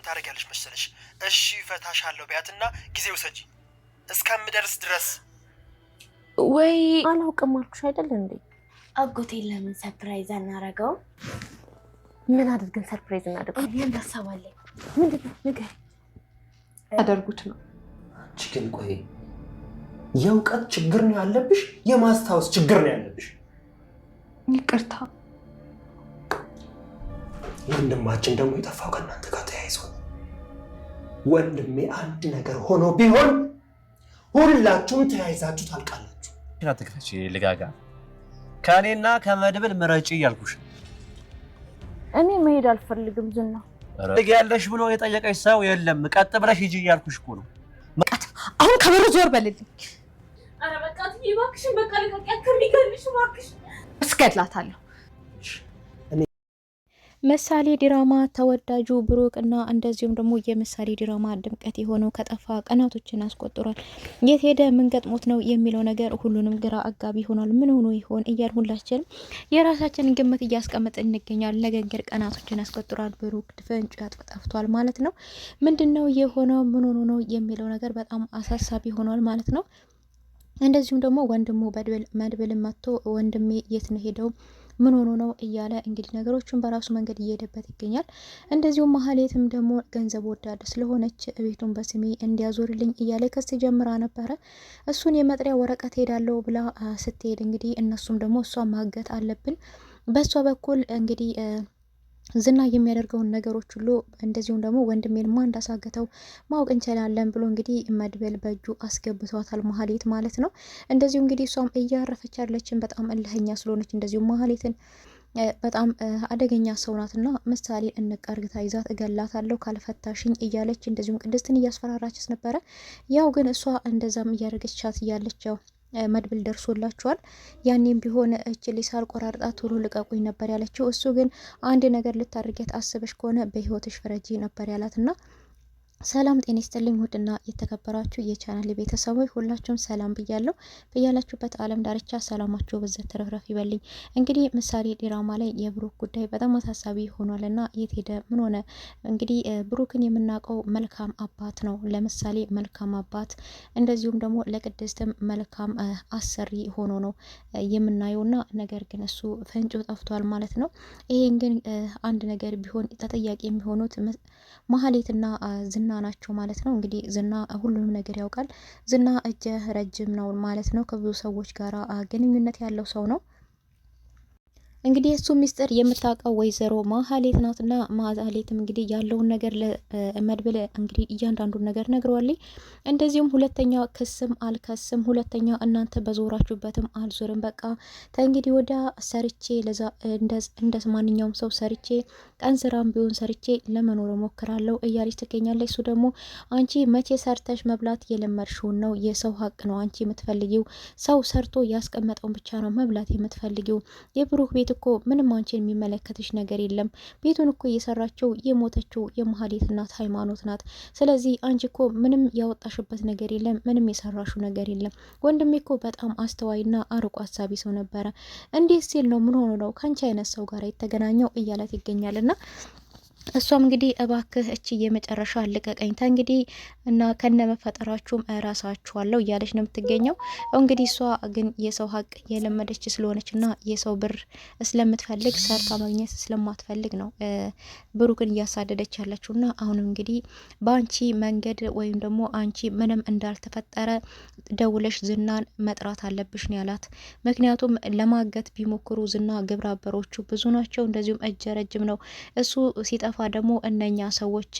ምን ታደርጊያለሽ መሰለሽ? እሺ አለው ቢያትና ጊዜ ውሰጂ እስከምደርስ ድረስ ወይ አላውቅም አልኩሽ አይደል እንዴ? አጎቴን ለምን ሰርፕራይዝ አናረገው? ምን አድርገን ሰርፕራይዝ እናደርገው? ይህን ሀሳብ ምንድን ነው ያደርጉት ነው ችግን ቆይ የእውቀት ችግር ነው ያለብሽ፣ የማስታወስ ችግር ነው ያለብሽ። ይቅርታ ወንድማችን ደግሞ የጠፋው ከእናንተ ጋር ወንድሜ አንድ ነገር ሆኖ ቢሆን ሁላችሁም ተያይዛችሁ ታልቃላችሁ። ና ትክፈች ልጋጋ ከእኔና ከመድብል ምረጪ እያልኩሽ እኔ መሄድ አልፈልግም። ዝና ልግ ያለሽ ብሎ የጠየቀች ሰው የለም። ቀጥ ብለሽ ሂጂ እያልኩሽ እኮ ነው። አሁን ከበሩ ዞር በልልኝ። ኧረ በቃ እባክሽን፣ በቃ ልቀቂያት፣ ከሚገልሽ እባክሽ። እስገድላታለሁ ምሳሌ ድራማ ተወዳጁ ብሩክ እና እንደዚሁም ደግሞ የምሳሌ ድራማ ድምቀት የሆነው ከጠፋ ቀናቶችን አስቆጥሯል። የት ሄደ? ምን ገጥሞት ነው የሚለው ነገር ሁሉንም ግራ አጋቢ ሆኗል። ምን ሆኖ ይሆን እያል ሁላችንም የራሳችንን ግምት እያስቀመጥ እንገኛል። ነገንገር ቀናቶችን አስቆጥሯል። ብሩክ ድፍንጩ ጠፍቷል ማለት ነው። ምንድን ነው የሆነው? ምን ሆኖ ነው የሚለው ነገር በጣም አሳሳቢ ሆኗል ማለት ነው። እንደዚሁም ደግሞ ወንድሙ መድብል መጥቶ ወንድሜ የት ነው ሄደው ምን ሆኖ ነው እያለ እንግዲህ ነገሮችን በራሱ መንገድ እየሄደበት ይገኛል። እንደዚሁም ማህሌትም ደግሞ ገንዘብ ወዳድ ስለሆነች ቤቱን በስሜ እንዲያዞርልኝ እያለ ከስ ጀምራ ነበረ። እሱን የመጥሪያ ወረቀት ሄዳለው ብላ ስትሄድ እንግዲህ እነሱም ደግሞ እሷ ማገት አለብን በእሷ በኩል እንግዲህ ዝና የሚያደርገውን ነገሮች ሁሉ እንደዚሁም ደግሞ ወንድሜን ማ እንዳሳገተው ማወቅ እንችላለን ብሎ እንግዲህ መድበል በእጁ አስገብቷታል፣ መሀሌት ማለት ነው። እንደዚሁ እንግዲህ እሷም እያረፈች ያለችን በጣም እልህኛ ስለሆነች እንደዚሁ መሀሌትን በጣም አደገኛ ሰው ናትና ምሳሌ እንቀርግታ ይዛት እገላታለሁ ካልፈታሽኝ እያለች እንደዚሁም ቅድስትን እያስፈራራችስ ነበረ። ያው ግን እሷ እንደዛም ቻት እያለች ያው መድብል ደርሶላቸዋል። ያኔም ቢሆን እች ልጅ ሳልቆራርጣ ቶሎ ልቀቁኝ ነበር ያለችው። እሱ ግን አንድ ነገር ልታደርጌት አስበሽ ከሆነ በህይወትሽ ፍረጂ ነበር ያላትና ሰላም ጤና ይስጥልኝ ውድና የተከበራችሁ የቻናል ቤተሰቦች ሁላችሁም ሰላም ብያለሁ። በያላችሁበት ዓለም ዳርቻ ሰላማችሁ በዘት ተረፍረፍ ይበልኝ። እንግዲህ ምሳሌ ዲራማ ላይ የብሩክ ጉዳይ በጣም አሳሳቢ ሆኗል እና የት ሄደ? ምን ሆነ? እንግዲህ ብሩክን የምናውቀው መልካም አባት ነው። ለምሳሌ መልካም አባት፣ እንደዚሁም ደግሞ ለቅድስትም መልካም አሰሪ ሆኖ ነው የምናየውና ነገር ግን እሱ ፈንጮ ጠፍቷል ማለት ነው። ይሄን ግን አንድ ነገር ቢሆን ተጠያቂ የሚሆኑት መሀሌትና ዝና ዝና ናቸው ማለት ነው። እንግዲህ ዝና ሁሉንም ነገር ያውቃል። ዝና እጀ ረጅም ነው ማለት ነው። ከብዙ ሰዎች ጋር ግንኙነት ያለው ሰው ነው። እንግዲህ እሱ ሚስጥር የምታውቀው ወይዘሮ ማህሌት ናትና ማህሌትም እንግዲህ ያለውን ነገር ለመድብል እንግዲህ እያንዳንዱን ነገር ነግረዋል። እንደዚሁም ሁለተኛ ክስም አልከስም፣ ሁለተኛ እናንተ በዞራችሁበትም አልዞርም፣ በቃ ተእንግዲህ ወዲያ ሰርቼ እንደ ማንኛውም ሰው ሰርቼ ቀን ስራም ቢሆን ሰርቼ ለመኖር ሞክራለሁ እያለች ትገኛለች። እሱ ደግሞ አንቺ መቼ ሰርተሽ መብላት የለመድሽውን ነው፣ የሰው ሀቅ ነው አንቺ የምትፈልጊው። ሰው ሰርቶ ያስቀመጠውን ብቻ ነው መብላት የምትፈልጊው። የብሩህ ቤት እኮ ምንም አንቺን የሚመለከትሽ ነገር የለም። ቤቱን እኮ እየሰራቸው የሞተችው የመሀሌት እናት ሃይማኖት ናት። ስለዚህ አንቺ እኮ ምንም ያወጣሽበት ነገር የለም፣ ምንም የሰራሹ ነገር የለም። ወንድሜ እኮ በጣም አስተዋይና አርቆ አሳቢ ሰው ነበረ። እንዴት ሲል ነው ምን ሆኖ ነው ከአንቺ አይነት ሰው ጋር የተገናኘው እያላት ይገኛል። 嗯。እሷም እንግዲህ እባክህ እቺ የመጨረሻ ልቀቀኝ፣ ተ እንግዲህ እና ከነመፈጠራችሁም ራሳችኋለሁ እያለች ነው የምትገኘው። እንግዲህ እሷ ግን የሰው ሀቅ የለመደች ስለሆነች እና የሰው ብር ስለምትፈልግ ሰርታ ማግኘት ስለማትፈልግ ነው ብሩክን እያሳደደች ያለችው። እና አሁንም እንግዲህ በአንቺ መንገድ ወይም ደግሞ አንቺ ምንም እንዳልተፈጠረ ደውለሽ ዝናን መጥራት አለብሽ ነው ያላት። ምክንያቱም ለማገት ቢሞክሩ ዝና ግብረ አበሮቹ ብዙ ናቸው፣ እንደዚሁም እጀ ረጅም ነው እሱ ሲጠ ሲጠፋ ደግሞ እነኛ ሰዎች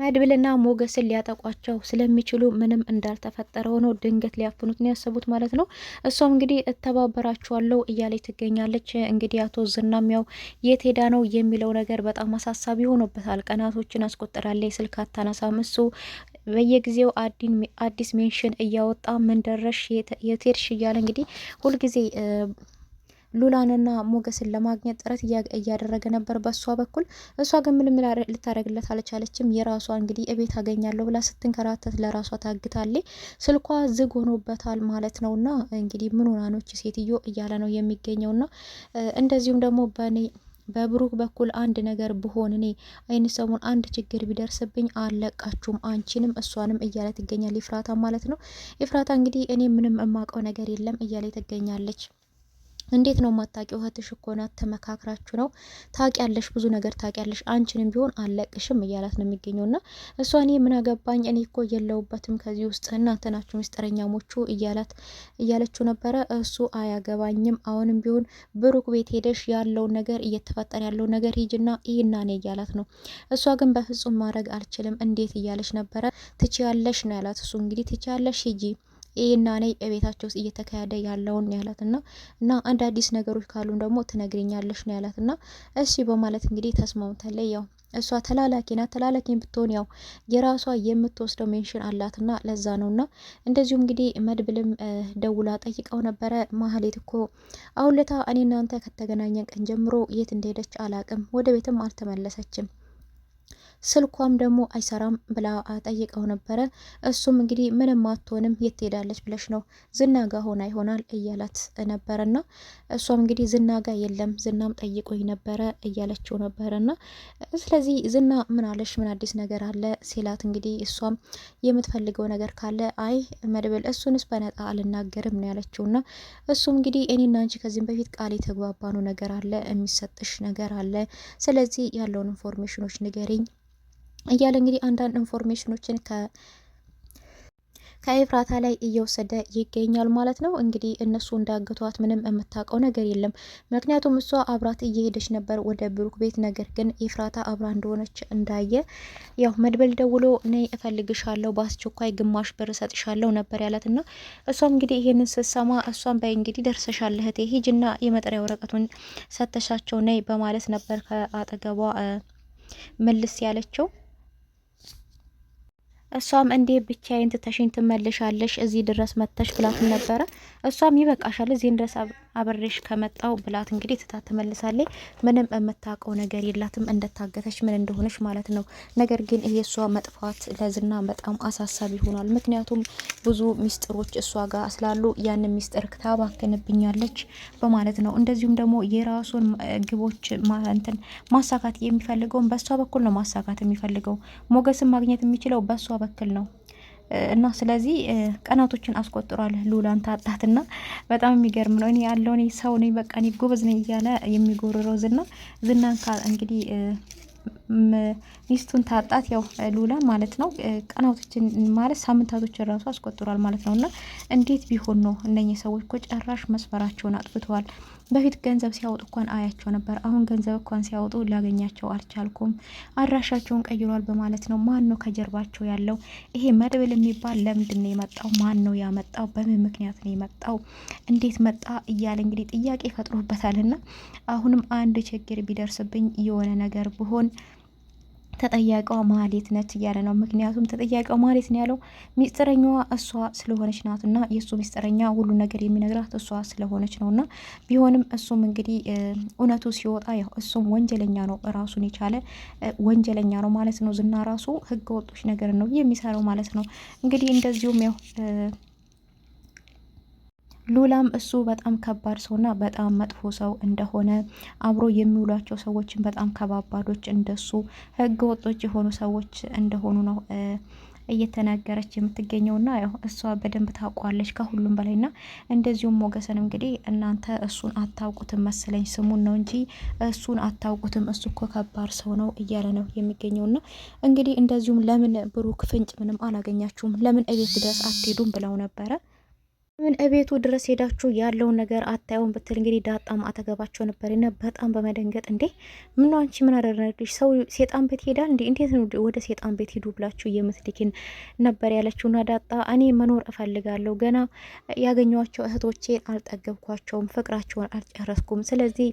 መድብልና ሞገስን ሊያጠቋቸው ስለሚችሉ ምንም እንዳልተፈጠረ ሆኖ ድንገት ሊያፍኑት ያሰቡት ማለት ነው። እሷም እንግዲህ እተባበራችኋለሁ እያለች ትገኛለች። እንግዲህ አቶ ዝናም ያው የት ሄዳ ነው የሚለው ነገር በጣም አሳሳቢ ሆኖበታል። ቀናቶችን አስቆጥራለች፣ ስልክ አታነሳም። እሱ በየጊዜው አዲስ ሜንሽን እያወጣ ምን ደረሽ፣ የት ሄድሽ እያለ እንግዲህ ሁልጊዜ ሉላንና ሞገስን ለማግኘት ጥረት እያደረገ ነበር በእሷ በኩል። እሷ ግን ምንም ልታደርግለት አልቻለችም። የራሷ እንግዲህ እቤት አገኛለሁ ብላ ስትንከራተት ለራሷ ታግታለች። ስልኳ ዝግ ሆኖበታል ማለት ነው። እና እንግዲህ ምን ሆናኖች ሴትዮ እያለ ነው የሚገኘው። ና እንደዚሁም ደግሞ በእኔ በብሩክ በኩል አንድ ነገር ብሆን እኔ አይን ሰሞን አንድ ችግር ቢደርስብኝ አለቃችሁም አንቺንም እሷንም እያለ ትገኛል። ይፍራታ ማለት ነው። ይፍራታ እንግዲህ እኔ ምንም የማውቀው ነገር የለም እያለ ትገኛለች። እንዴት ነው የማታውቂው? እህትሽ እኮ ናት። ተመካክራችሁ ነው። ታውቂያለሽ፣ ብዙ ነገር ታውቂያለሽ። አንቺንም ቢሆን አለቅሽም እያላት ነው የሚገኘው። ና እሷ እኔ ምን አገባኝ እኔ እኮ የለውበትም ከዚህ ውስጥ እናንተ ናችሁ ሚስጥረኛሞቹ እያላት እያለችው ነበረ። እሱ አያገባኝም፣ አሁንም ቢሆን ብሩክ ቤት ሄደሽ ያለውን ነገር እየተፈጠረ ያለውን ነገር ሂጅና ይህና ኔ እያላት ነው። እሷ ግን በፍጹም ማድረግ አልችልም እንዴት እያለች ነበረ። ትችያለሽ ነው ያላት እሱ እንግዲህ ትችያለሽ ሂጂ ይሄና ነይ ቤታቸው ውስጥ እየተካሄደ ያለውን ያላት ና እና አንድ አዲስ ነገሮች ካሉም ደግሞ ትነግሪኛለሽ ነው ያላት ና እሺ በማለት እንግዲህ ተስማምተለ ያው እሷ ተላላኪ ናት። ተላላኪን ብትሆን ያው የራሷ የምትወስደው ሜንሽን አላት አላትና ለዛ ነው ና እንደዚሁም እንግዲህ መድብልም ደውላ ጠይቀው ነበረ። ማህሌት እኮ አሁን ለታ እኔ እናንተ ከተገናኘን ቀን ጀምሮ የት እንደሄደች አላቅም፣ ወደ ቤትም አልተመለሰችም ስልኳም ደግሞ አይሰራም ብላ ጠይቀው ነበረ። እሱም እንግዲህ ምንም አትሆንም የት ትሄዳለች ብለሽ ነው ዝናጋ ሆና ይሆናል እያላት ነበረና እሷም እንግዲህ ዝናጋ የለም ዝናም ጠይቆኝ ነበረ እያለችው ነበረና ስለዚህ ዝና ምን አለሽ ምን አዲስ ነገር አለ ሲላት እንግዲህ እሷም የምትፈልገው ነገር ካለ አይ መድብል እሱንስ በነጣ አልናገርም ነው ያለችውና እሱም እንግዲህ እኔና አንቺ ከዚህም በፊት ቃል የተግባባኑ ነገር አለ የሚሰጥሽ ነገር አለ ስለዚህ ያለውን ኢንፎርሜሽኖች ንገሪኝ እያለ እንግዲህ አንዳንድ ኢንፎርሜሽኖችን ከ ከኤፍራታ ላይ እየወሰደ ይገኛል ማለት ነው። እንግዲህ እነሱ እንዳገቷት ምንም የምታውቀው ነገር የለም። ምክንያቱም እሷ አብራት እየሄደች ነበር ወደ ብሩክ ቤት። ነገር ግን ኤፍራታ አብራ እንደሆነች እንዳየ ያው መድበል ደውሎ ነይ እፈልግሻለሁ፣ በአስቸኳይ ግማሽ ብር እሰጥሻለሁ ነበር ያላት እና እሷም እንግዲህ ይህንን ስትሰማ እሷም በይ እንግዲህ ደርሰሻለህ እህቴ፣ ሂጅና የመጠሪያ ወረቀቱን ሰተሻቸው ነይ በማለት ነበር ከአጠገቧ መልስ ያለችው። እሷም እንዴ ብቻዬን ትተሽኝ ትመልሻለሽ እዚህ ድረስ መተሽ ብላት ነበረ። እሷም ይበቃሻል፣ እዚህን ድረስ አብሬሽ ከመጣው ብላት እንግዲህ ትታ ትመልሳለች። ምንም የምታውቀው ነገር የላትም እንደታገተች ምን እንደሆነች ማለት ነው። ነገር ግን የእሷ መጥፋት ለዝና በጣም አሳሳቢ ሆኗል። ምክንያቱም ብዙ ሚስጥሮች እሷ ጋር ስላሉ ያን ሚስጥር ታባክንብኛለች በማለት ነው። እንደዚሁም ደግሞ የራሱን ግቦች እንትን ማሳካት የሚፈልገውን በእሷ በኩል ነው ማሳካት የሚፈልገው ሞገስን ማግኘት የሚችለው በእሷ በኩል ነው። እና ስለዚህ ቀናቶችን አስቆጥሯል። ሉላን ታጣትና በጣም የሚገርም ነው። እኔ ያለው እኔ ሰው ነኝ፣ በቃ እኔ ጎበዝ ነኝ እያለ የሚጎርረው ዝና ዝናን እንግዲህ ሚስቱን ታጣት ያው ሉላ ማለት ነው። ቀናቶችን ማለት ሳምንታቶችን ራሱ አስቆጥሯል ማለት ነው። እና እንዴት ቢሆን ነው እነኚህ ሰዎች እኮ ጨራሽ መስፈራቸውን አጥፍተዋል። በፊት ገንዘብ ሲያወጡ እንኳን አያቸው ነበር። አሁን ገንዘብ እንኳን ሲያወጡ ላገኛቸው አልቻልኩም፣ አድራሻቸውን ቀይሯል በማለት ነው። ማን ነው ከጀርባቸው ያለው? ይሄ መድብል የሚባል ለምንድን ነው የመጣው? ማን ነው ያመጣው? በምን ምክንያት ነው የመጣው? እንዴት መጣ? እያለ እንግዲህ ጥያቄ ፈጥሮበታል። እና አሁንም አንድ ችግር ቢደርስብኝ የሆነ ነገር ብሆን ተጠያቂዋ ማህሌት ነች እያለ ነው። ምክንያቱም ተጠያቂዋ ማህሌት ነው ያለው ሚስጥረኛዋ እሷ ስለሆነች ናት እና የእሱ ሚስጥረኛ ሁሉ ነገር የሚነግራት እሷ ስለሆነች ነው እና ቢሆንም እሱም እንግዲህ እውነቱ ሲወጣ ያው እሱም ወንጀለኛ ነው፣ ራሱን የቻለ ወንጀለኛ ነው ማለት ነው። ዝና ራሱ ህገ ወጦች ነገር ነው የሚሰራው ማለት ነው። እንግዲህ እንደዚሁም ያው ሉላም እሱ በጣም ከባድ ሰውና በጣም መጥፎ ሰው እንደሆነ አብሮ የሚውሏቸው ሰዎችን በጣም ከባባዶች እንደሱ ሕገ ወጦች የሆኑ ሰዎች እንደሆኑ ነው እየተናገረች ና ያው እሷ በደንብ ታውቋለች ከሁሉም በላይ ና እንደዚሁም ሞገሰን እንግዲህ እናንተ እሱን አታውቁትም መሰለኝ ስሙን ነው እንጂ እሱን አታውቁትም እሱ እኮ ከባድ ሰው ነው እያለ ነው የሚገኘው ና እንግዲህ እንደዚሁም ለምን ብሩክ ፍንጭ ምንም አላገኛችሁም ለምን እቤት ድረስ አትሄዱም ብለው ነበረ ምን እቤቱ ድረስ ሄዳችሁ ያለውን ነገር አታየውን ብትል እንግዲህ ዳጣም ነበር ነበርና በጣም በመደንገጥ እንዴ ምን አንቺ ምን አደረግሽ ሰው ሴጣን ቤት ሄዳል እንዴ እንዴት ነው ወደ ሴጣን ቤት ሂዱ ብላችሁ የምትልኪን ነበር ያለችውና ዳጣ እኔ መኖር እፈልጋለሁ ገና ያገኘኋቸው እህቶቼን አልጠገብኳቸውም ፍቅራቸውን አልጨረስኩም ስለዚህ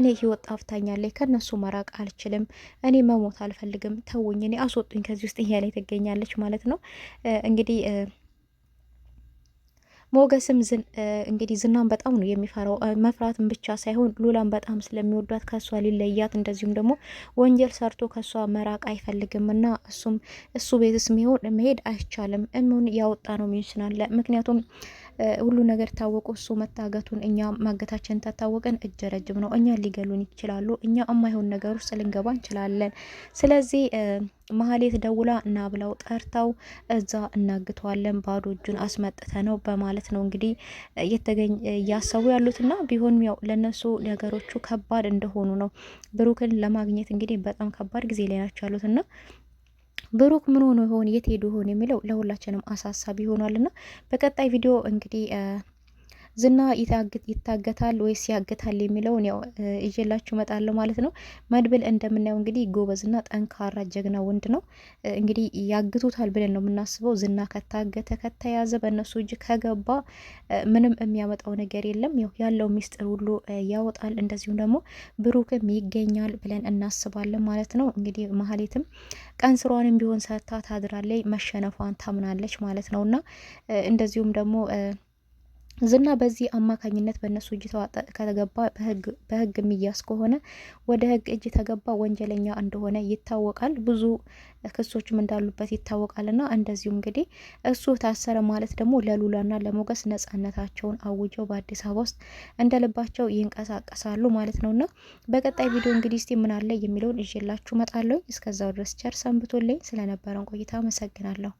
እኔ ህይወት ጣፍታኛለች ከነሱ መራቅ አልችልም እኔ መሞት አልፈልግም ተውኝ እኔ አስወጡኝ ከዚህ ውስጥ እያለች ትገኛለች ማለት ነው እንግዲህ ሞገስም እንግዲህ ዝናን በጣም ነው የሚፈራው። መፍራትን ብቻ ሳይሆን ሉላን በጣም ስለሚወዷት ከሷ ሊለያት እንደዚሁም ደግሞ ወንጀል ሰርቶ ከሷ መራቅ አይፈልግም እና እሱም እሱ ቤትስ ሚሆን መሄድ አይቻልም። እምን ያወጣ ነው ሚንሽናለ ምክንያቱም ሁሉ ነገር ታወቁ። እሱ መታገቱን እኛ ማገታችን ታታወቀን እጅ ረጅም ነው። እኛ ሊገሉን ይችላሉ። እኛ የማይሆን ነገር ውስጥ ልንገባ እንችላለን። ስለዚህ መሀሌት ደውላ እና ብለው ጠርተው እዛ እናግተዋለን ባዶ እጁን አስመጥተ ነው በማለት ነው እንግዲህ የተገኝ እያሰቡ ያሉትና ቢሆንም ያው ለእነሱ ነገሮቹ ከባድ እንደሆኑ ነው። ብሩክን ለማግኘት እንግዲህ በጣም ከባድ ጊዜ ላይ ናቸው ያሉትና ብሩክ ምን ሆኖ ይሆን የት ሄዶ ይሆን የሚለው ለሁላችንም አሳሳቢ ይሆናልና በቀጣይ ቪዲዮ እንግዲህ ዝና ይታገታል ወይስ ያገታል የሚለውን ያው እየላችሁ መጣለሁ ማለት ነው። መድብል እንደምናየው እንግዲህ ጎበዝና ጠንካራ ጀግና ወንድ ነው። እንግዲህ ያግቱታል ብለን ነው የምናስበው። ዝና ከታገተ ከተያዘ፣ በእነሱ እጅ ከገባ ምንም የሚያመጣው ነገር የለም። ያው ያለው ሚስጥር ሁሉ ያወጣል። እንደዚሁም ደግሞ ብሩክም ይገኛል ብለን እናስባለን ማለት ነው። እንግዲህ መሀሌትም ቀን ስሯንም ቢሆን ሰታ ታድራለች፣ መሸነፏን ታምናለች ማለት ነውና እንደዚሁም ደግሞ ዝና በዚህ አማካኝነት በእነሱ እጅ ከተገባ በህግ የሚያዝ ከሆነ ወደ ህግ እጅ ተገባ ወንጀለኛ እንደሆነ ይታወቃል። ብዙ ክሶችም እንዳሉበት ይታወቃልና እንደዚሁ እንግዲህ እሱ ታሰረ ማለት ደግሞ ለሉላና ለሞገስ ነጻነታቸውን አውጀው በአዲስ አበባ ውስጥ እንደ ልባቸው ይንቀሳቀሳሉ ማለት ነውና በቀጣይ ቪዲዮ እንግዲህ እስቲ ምን አለ የሚለውን እዤላችሁ መጣለሁ። እስከዛው ድረስ ቸር ሰንብቶልኝ ስለነበረን ቆይታ አመሰግናለሁ።